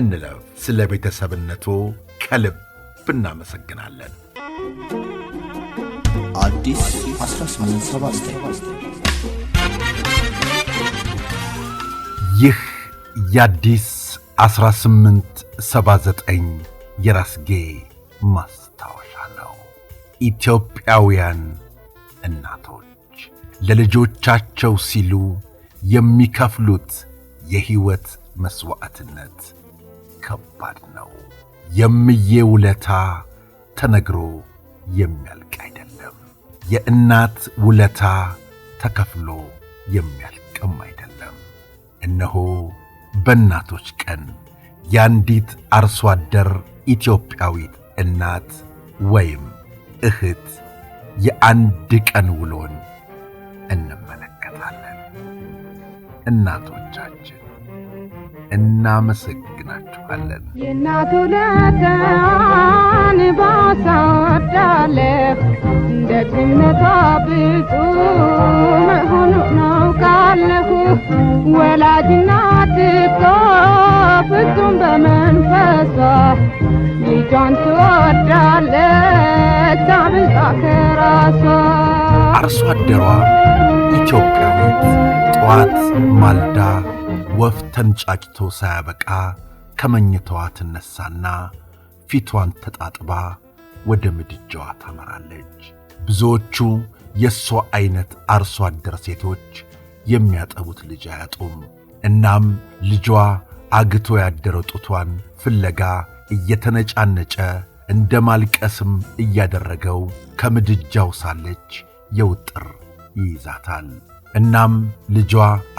እንለፍ። ስለ ቤተሰብነቱ ከልብ እናመሰግናለን። ይህ የአዲስ 1879 የራስጌ ማስታወሻ ነው። ኢትዮጵያውያን እናቶች ለልጆቻቸው ሲሉ የሚከፍሉት የሕይወት መሥዋዕትነት ከባድ ነው። የምዬ ውለታ ተነግሮ የሚያልቅ አይደለም። የእናት ውለታ ተከፍሎ የሚያልቅም አይደለም። እነሆ በእናቶች ቀን የአንዲት አርሶ አደር ኢትዮጵያዊት እናት ወይም እህት የአንድ ቀን ውሎን እንመለከታለን። እናቶቻችን እናመሰግናችኋለን። የእናቱ ለተን ባሳወዳለፍ እንደ ግነቷ ብፁ መሆኑ ናውቃለሁ። ወላጅናት እኮ ፍጹም በመንፈሷ ልጇን ትወዳለች አብልጣ ከራሷ። አርሶ አደሯ ኢትዮጵያዊት ጠዋት ማልዳ ወፍ ተንጫጭቶ ሳያበቃ ከመኝታዋ ትነሳና ፊቷን ተጣጥባ ወደ ምድጃዋ ታመራለች። ብዙዎቹ የእሷ ዐይነት አርሶ አደር ሴቶች የሚያጠቡት ልጅ አያጡም። እናም ልጇ አግቶ ያደረው ጡቷን ፍለጋ እየተነጫነጨ እንደ ማልቀስም እያደረገው ከምድጃው ሳለች የውጥር ይይዛታል። እናም ልጇ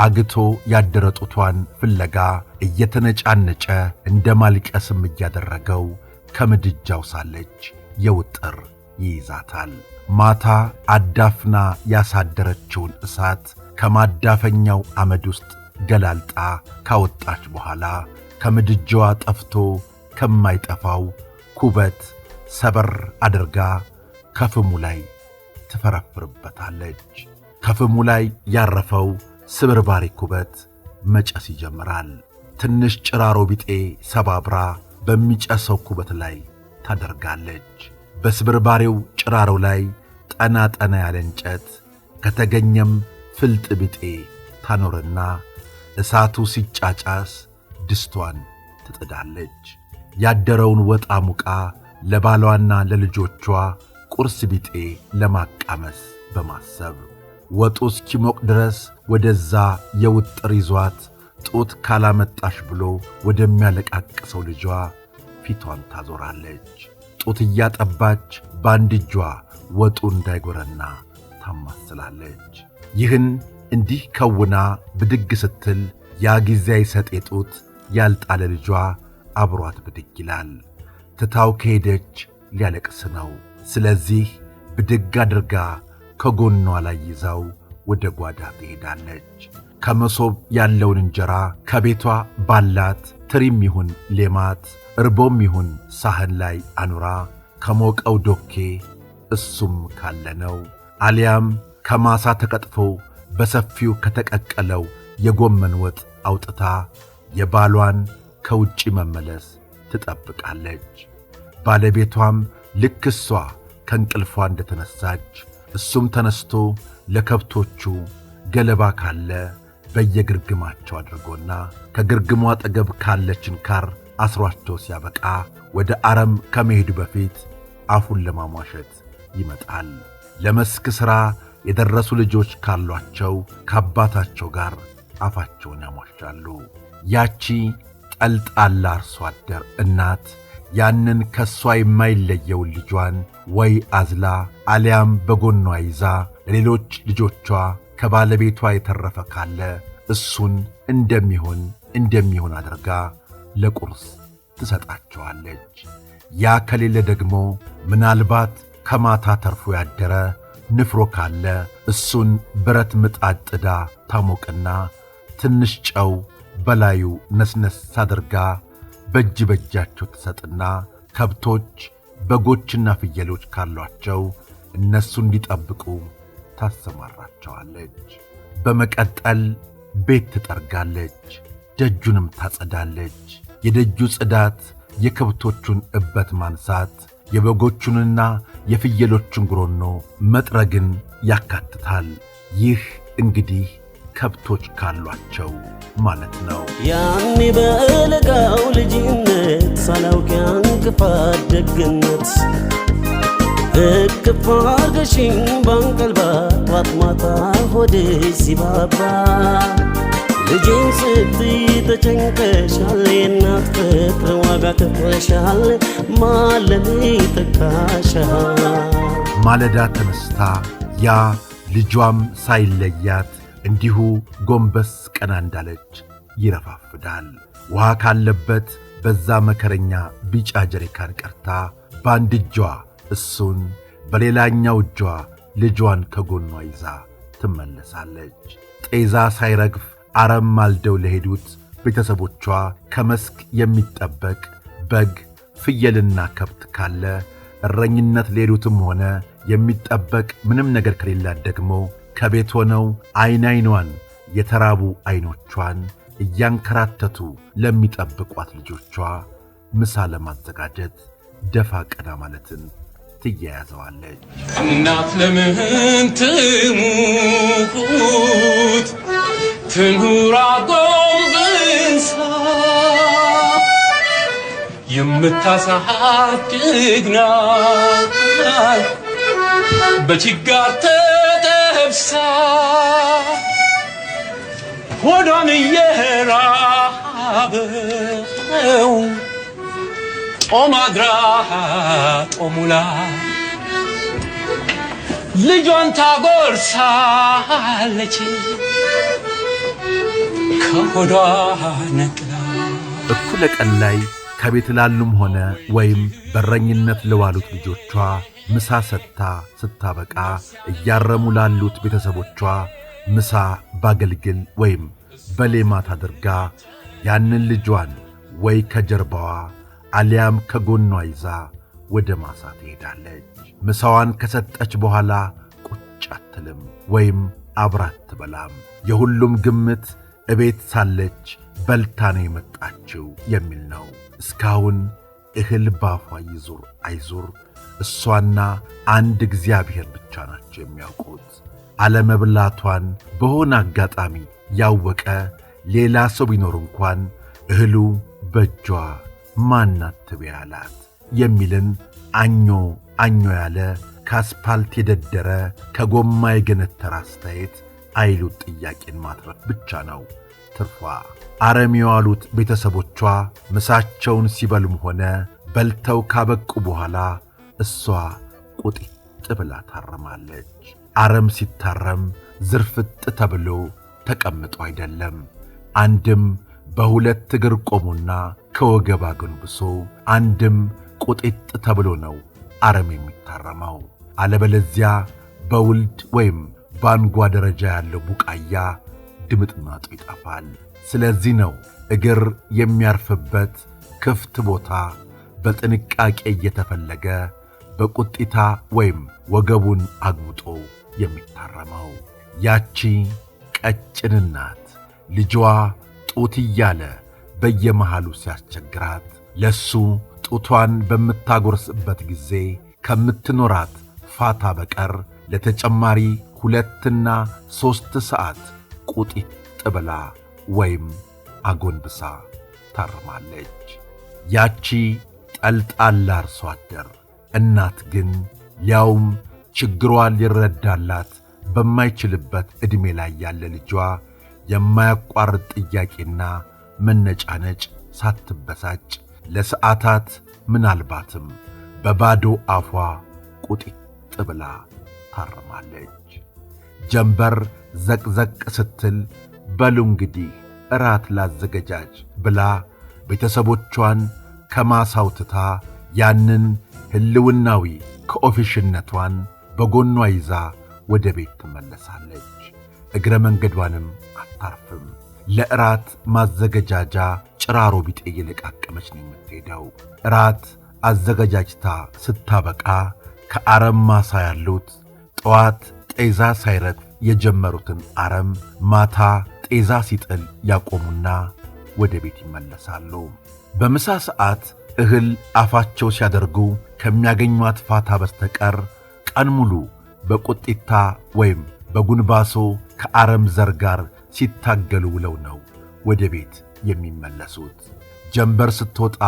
አግቶ ያደረ ጡቷን ፍለጋ እየተነጫነጨ እንደ ማልቀስም እያደረገው ከምድጃው ሳለች የውጥር ይይዛታል። ማታ አዳፍና ያሳደረችውን እሳት ከማዳፈኛው አመድ ውስጥ ገላልጣ ካወጣች በኋላ ከምድጃዋ ጠፍቶ ከማይጠፋው ኩበት ሰበር አድርጋ ከፍሙ ላይ ትፈረፍርበታለች። ከፍሙ ላይ ያረፈው ስብርባሪ ኩበት መጨስ ይጀምራል። ትንሽ ጭራሮ ቢጤ ሰባብራ በሚጨሰው ኩበት ላይ ታደርጋለች። በስብርባሪው ጭራሮ ላይ ጠና ጠና ያለ እንጨት ከተገኘም ፍልጥ ቢጤ ታኖርና እሳቱ ሲጫጫስ ድስቷን ትጥዳለች። ያደረውን ወጣ ሙቃ ለባሏና ለልጆቿ ቁርስ ቢጤ ለማቃመስ በማሰብ ወጡ እስኪሞቅ ድረስ ወደዛ የውጥር ይዟት ጡት ካላመጣሽ ብሎ ወደሚያለቃቅሰው ልጇ ፊቷን ታዞራለች። ጡት እያጠባች በአንድ እጇ ወጡ እንዳይጎረና ታማስላለች። ይህን እንዲህ ከውና ብድግ ስትል ያ ጊዜያዊ ሰጤ ጡት ያልጣለ ልጇ አብሯት ብድግ ይላል። ትታው ከሄደች ሊያለቅስ ነው። ስለዚህ ብድግ አድርጋ ከጎኗ ላይ ይዛው ወደ ጓዳ ትሄዳለች። ከመሶብ ያለውን እንጀራ ከቤቷ ባላት ትሪም ይሁን ሌማት እርቦም ይሁን ሳህን ላይ አኑራ ከሞቀው ዶኬ እሱም ካለ ነው አሊያም ከማሳ ተቀጥፎ በሰፊው ከተቀቀለው የጎመን ወጥ አውጥታ የባሏን ከውጭ መመለስ ትጠብቃለች። ባለቤቷም ልክ እሷ ከእንቅልፏ እንደተነሳች እሱም ተነስቶ ለከብቶቹ ገለባ ካለ በየግርግማቸው አድርጎና ከግርግሙ አጠገብ ካለ ችንካር አስሯቸው ሲያበቃ ወደ አረም ከመሄዱ በፊት አፉን ለማሟሸት ይመጣል። ለመስክ ሥራ የደረሱ ልጆች ካሏቸው ከአባታቸው ጋር አፋቸውን ያሟሻሉ። ያቺ ጠልጣላ አርሶ አደር እናት ያንን ከሷ የማይለየውን ልጇን ወይ አዝላ አሊያም በጎኗ ይዛ ለሌሎች ልጆቿ ከባለቤቷ የተረፈ ካለ እሱን እንደሚሆን እንደሚሆን አድርጋ ለቁርስ ትሰጣቸዋለች። ያ ከሌለ ደግሞ ምናልባት ከማታ ተርፎ ያደረ ንፍሮ ካለ እሱን ብረት ምጣድ ጥዳ ታሞቅና ትንሽ ጨው በላዩ ነስነስ አድርጋ በእጅ በእጃቸው ትሰጥና ከብቶች በጎችና ፍየሎች ካሏቸው እነሱ እንዲጠብቁ ታሰማራቸዋለች። በመቀጠል ቤት ትጠርጋለች፣ ደጁንም ታጸዳለች። የደጁ ጽዳት የከብቶቹን እበት ማንሳት የበጎቹንና የፍየሎቹን ጉሮኖ መጥረግን ያካትታል። ይህ እንግዲህ ከብቶች ካሏቸው ማለት ነው። ያኔ በለጋው ልጅነት ሳላውቅ ያንቅፋት ደግነት እቅፍ አርገሽኝ ባንቀልባ ጧት ማታ ሲባባ ልጅን ስትይ ተጨንቀሻል፣ የእናት ፍቅር ዋጋ ከፍለሻል፣ ማለሌ ተካሻል። ማለዳ ተነስታ ያ ልጇም ሳይለያት እንዲሁ ጎንበስ ቀና እንዳለች ይረፋፍዳል። ውሃ ካለበት በዛ መከረኛ ቢጫ ጀሪካን ቀርታ በአንድ እጇ እሱን በሌላኛው እጇ ልጇን ከጎኗ ይዛ ትመለሳለች። ጤዛ ሳይረግፍ አረም ማልደው ለሄዱት ቤተሰቦቿ ከመስክ የሚጠበቅ በግ፣ ፍየልና ከብት ካለ እረኝነት ለሄዱትም ሆነ የሚጠበቅ ምንም ነገር ከሌላት ደግሞ ከቤት ሆነው ዐይን ዐይኗን የተራቡ ዐይኖቿን እያንከራተቱ ለሚጠብቋት ልጆቿ ምሳ ለማዘጋጀት ደፋ ቀና ማለትን ትያያዘዋለች። እናት ለምን ትሙት ትኑራ የምታሳድግና በችጋር ሆዷም እየራበው ጦም አድራ ጦሙላ ልጇን ታጎርሳለች ከሆዷ ነቅላ። እኩለ ቀን ላይ ከቤት ላሉም ሆነ ወይም በረኝነት ለዋሉት ልጆቿ ምሳ ሰጥታ ስታበቃ እያረሙ ላሉት ቤተሰቦቿ ምሳ ባገልግል ወይም በሌማት አድርጋ ያንን ልጇን ወይ ከጀርባዋ አሊያም ከጎኗ ይዛ ወደ ማሳ ትሄዳለች። ምሳዋን ከሰጠች በኋላ ቁጭ አትልም ወይም አብራት ትበላም። የሁሉም ግምት እቤት ሳለች በልታ ነው የመጣችው የሚል ነው። እስካሁን እህል ባፏ ይዙር አይዙር እሷና አንድ እግዚአብሔር ብቻ ናቸው የሚያውቁት። አለመብላቷን በሆነ አጋጣሚ ያወቀ ሌላ ሰው ቢኖር እንኳን እህሉ በእጇ ማናትብ ያላት የሚልን አኞ አኞ ያለ ከአስፓልት የደደረ ከጎማ የገነተረ አስተያየት አይሉት ጥያቄን ማትረፍ ብቻ ነው ትርፏ። አረም የዋሉት ቤተሰቦቿ ምሳቸውን ሲበሉም ሆነ በልተው ካበቁ በኋላ እሷ ቁጢጥ ብላ ታርማለች። አረም ሲታረም ዝርፍጥ ተብሎ ተቀምጦ አይደለም። አንድም በሁለት እግር ቆሞና ከወገብ አጎንብሶ፣ አንድም ቁጢጥ ተብሎ ነው አረም የሚታረመው። አለበለዚያ በውልድ ወይም በአንጓ ደረጃ ያለው ቡቃያ ድምጥማጡ ይጠፋል። ስለዚህ ነው እግር የሚያርፍበት ክፍት ቦታ በጥንቃቄ እየተፈለገ በቁጢታ ወይም ወገቡን አግብጦ የሚታረመው። ያቺ ቀጭን እናት ልጇ ጡት እያለ በየመሃሉ ሲያስቸግራት ለሱ ጡቷን በምታጎርስበት ጊዜ ከምትኖራት ፋታ በቀር ለተጨማሪ ሁለትና ሦስት ሰዓት ቁጥ ብላ ወይም አጎንብሳ ታርማለች። ያቺ ጠልጣላ አርሶ አደር እናት ግን ያውም ችግሯን ሊረዳላት በማይችልበት ዕድሜ ላይ ያለ ልጇ የማያቋርጥ ጥያቄና መነጫነጭ ሳትበሳጭ ለሰዓታት ምናልባትም በባዶ አፏ ቁጢጥ ብላ ታርማለች። ጀንበር ዘቅዘቅ ስትል በሉ እንግዲህ እራት ላዘገጃጅ ብላ ቤተሰቦቿን ከማሳውትታ ያንን ሕልውናዊ ከኦፊሽነቷን በጎኗ ይዛ ወደ ቤት ትመለሳለች። እግረ መንገዷንም አታርፍም። ለእራት ማዘገጃጃ ጭራሮ ቢጤ እየለቃቀመች ነው የምትሄደው። እራት አዘገጃጅታ ስታበቃ ከአረም ማሳ ያሉት ጠዋት ጤዛ ሳይረግፍ የጀመሩትን አረም ማታ ጤዛ ሲጥል ያቆሙና ወደ ቤት ይመለሳሉ። በምሳ ሰዓት እህል አፋቸው ሲያደርጉ ከሚያገኟት ፋታ በስተቀር ቀን ሙሉ በቁጢታ ወይም በጉንባሶ ከአረም ዘር ጋር ሲታገሉ ውለው ነው ወደ ቤት የሚመለሱት። ጀንበር ስትወጣ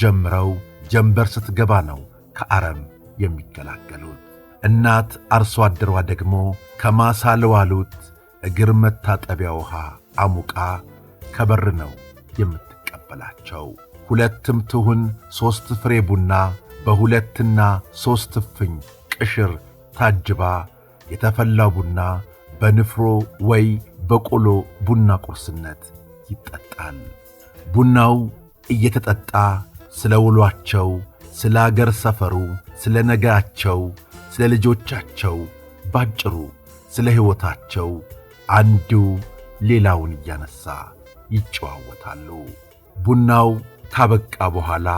ጀምረው ጀንበር ስትገባ ነው ከአረም የሚገላገሉት። እናት አርሶ አደሯ ደግሞ ከማሳ ለዋሉት እግር መታጠቢያ ውሃ አሙቃ ከበር ነው የምትቀበላቸው። ሁለትም ትሁን ሦስት ፍሬ ቡና በሁለትና ሦስት እፍኝ ቅሽር ታጅባ የተፈላ ቡና በንፍሮ ወይ በቆሎ ቡና ቁርስነት ይጠጣል። ቡናው እየተጠጣ ስለ ውሏቸው፣ ስለ አገር ሰፈሩ፣ ስለ ነገራቸው፣ ስለ ልጆቻቸው፣ ባጭሩ ስለ ሕይወታቸው አንዱ ሌላውን እያነሳ ይጨዋወታሉ። ቡናው ካበቃ በኋላ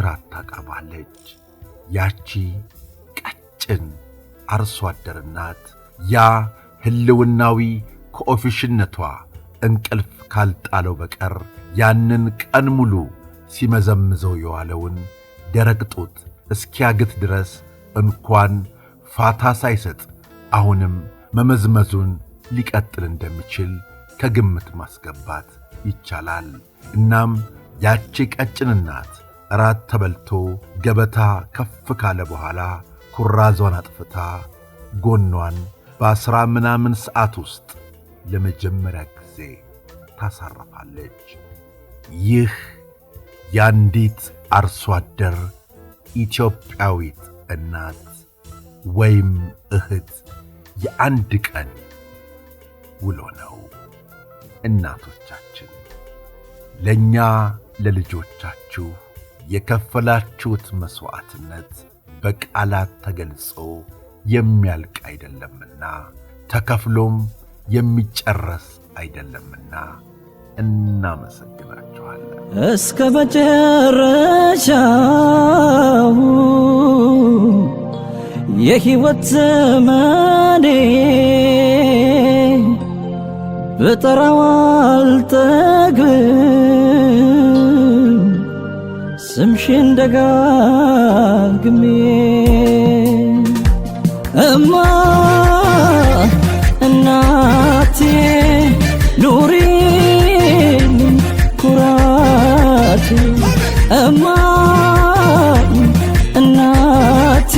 እራት ታቀርባለች ያቺ ቀጭን አርሶ አደር ያ ሕልውናዊ ከኦፊሽነቷ እንቅልፍ ካልጣለው በቀር ያንን ቀን ሙሉ ሲመዘምዘው የዋለውን ደረቅ ጡት እስኪያግት ድረስ እንኳን ፋታ ሳይሰጥ አሁንም መመዝመዙን ሊቀጥል እንደሚችል ከግምት ማስገባት ይቻላል። እናም ያቺ ቀጭን እናት እራት ተበልቶ ገበታ ከፍ ካለ በኋላ ኩራዟን አጥፍታ ጎኗን በአስራ ምናምን ሰዓት ውስጥ ለመጀመሪያ ጊዜ ታሳርፋለች። ይህ የአንዲት አርሶ አደር ኢትዮጵያዊት እናት ወይም እህት የአንድ ቀን ውሎ ነው። እናቶቻችን ለእኛ ለልጆቻችሁ የከፈላችሁት መሥዋዕትነት በቃላት ተገልጾ የሚያልቅ አይደለምና ተከፍሎም የሚጨረስ አይደለምና እናመሰግናችኋለን እስከ መጨረሻው የሕይወት ዘመኔ ብጠራው ስምሽን ደጋግሜ እማ እናቴ ኑሪ ኩራት እማ እናቴ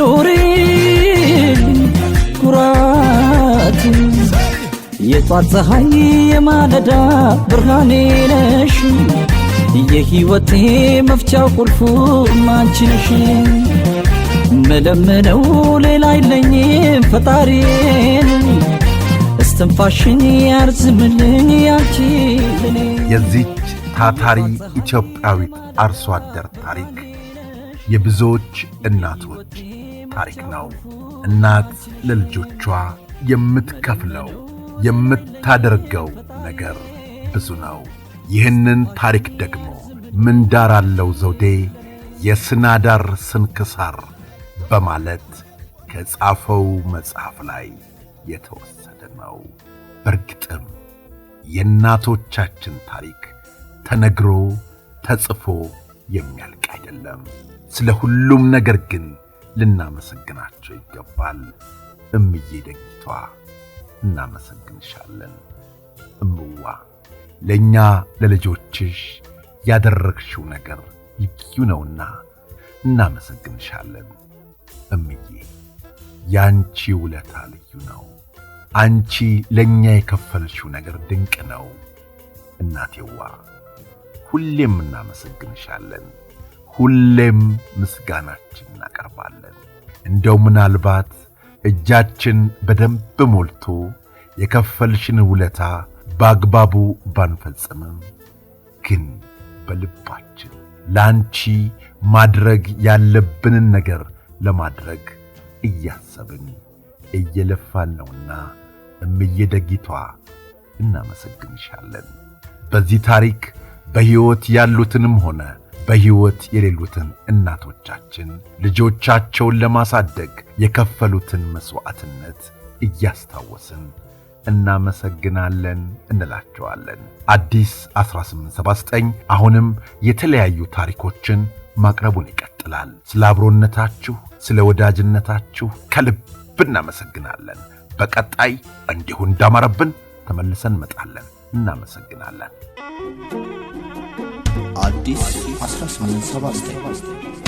ኑሪ ኩራት የጧት ፀሐይ የማለዳ ብርሃኔ ነሽ የሕይወቴ መፍቻ ቁልፉ አንቺ ነሽ። መለምነው ሌላ አይለኝም ፈጣሪን እስትንፋሽን ያርዝምልኝ ያንቺ የዚች ታታሪ ኢትዮጵያዊት አርሶ አደር ታሪክ የብዙዎች እናቶች ታሪክ ነው። እናት ለልጆቿ የምትከፍለው የምታደርገው ነገር ብዙ ነው። ይህንን ታሪክ ደግሞ ምንዳራለው ዘውዴ የስናዳር ስንክሳር በማለት ከጻፈው መጽሐፍ ላይ የተወሰደ ነው። በርግጥም የእናቶቻችን ታሪክ ተነግሮ ተጽፎ የሚያልቅ አይደለም። ስለ ሁሉም ነገር ግን ልናመሰግናቸው ይገባል። እምዬ ደግቷ እናመሰግንሻለን። እምዋ ለእኛ ለልጆችሽ ያደረግሽው ነገር ልዩ ነውና እናመሰግንሻለን እምዬ። ያንቺ ውለታ ልዩ ነው። አንቺ ለእኛ የከፈልሽው ነገር ድንቅ ነው እናቴዋ። ሁሌም እናመሰግንሻለን። ሁሌም ምስጋናችን እናቀርባለን። እንደው ምናልባት እጃችን በደንብ ሞልቶ የከፈልሽን ውለታ በአግባቡ ባንፈጽምም ግን በልባችን ለአንቺ ማድረግ ያለብንን ነገር ለማድረግ እያሰብን እየለፋን ነውና እምዬ ደጊቷ እናመሰግንሻለን። በዚህ ታሪክ በሕይወት ያሉትንም ሆነ በሕይወት የሌሉትን እናቶቻችን ልጆቻቸውን ለማሳደግ የከፈሉትን መሥዋዕትነት እያስታወስን እናመሰግናለን እንላቸዋለን። አዲስ 1879 አሁንም የተለያዩ ታሪኮችን ማቅረቡን ይቀጥላል። ስለ አብሮነታችሁ፣ ስለ ወዳጅነታችሁ ከልብ እናመሰግናለን። በቀጣይ እንዲሁ እንዳማረብን ተመልሰን እንመጣለን። እናመሰግናለን። አዲስ 1879